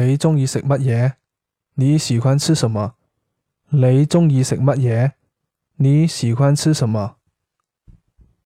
你中意食乜嘢？你喜歡吃什麼？你中意食乜嘢？你喜歡吃什麼？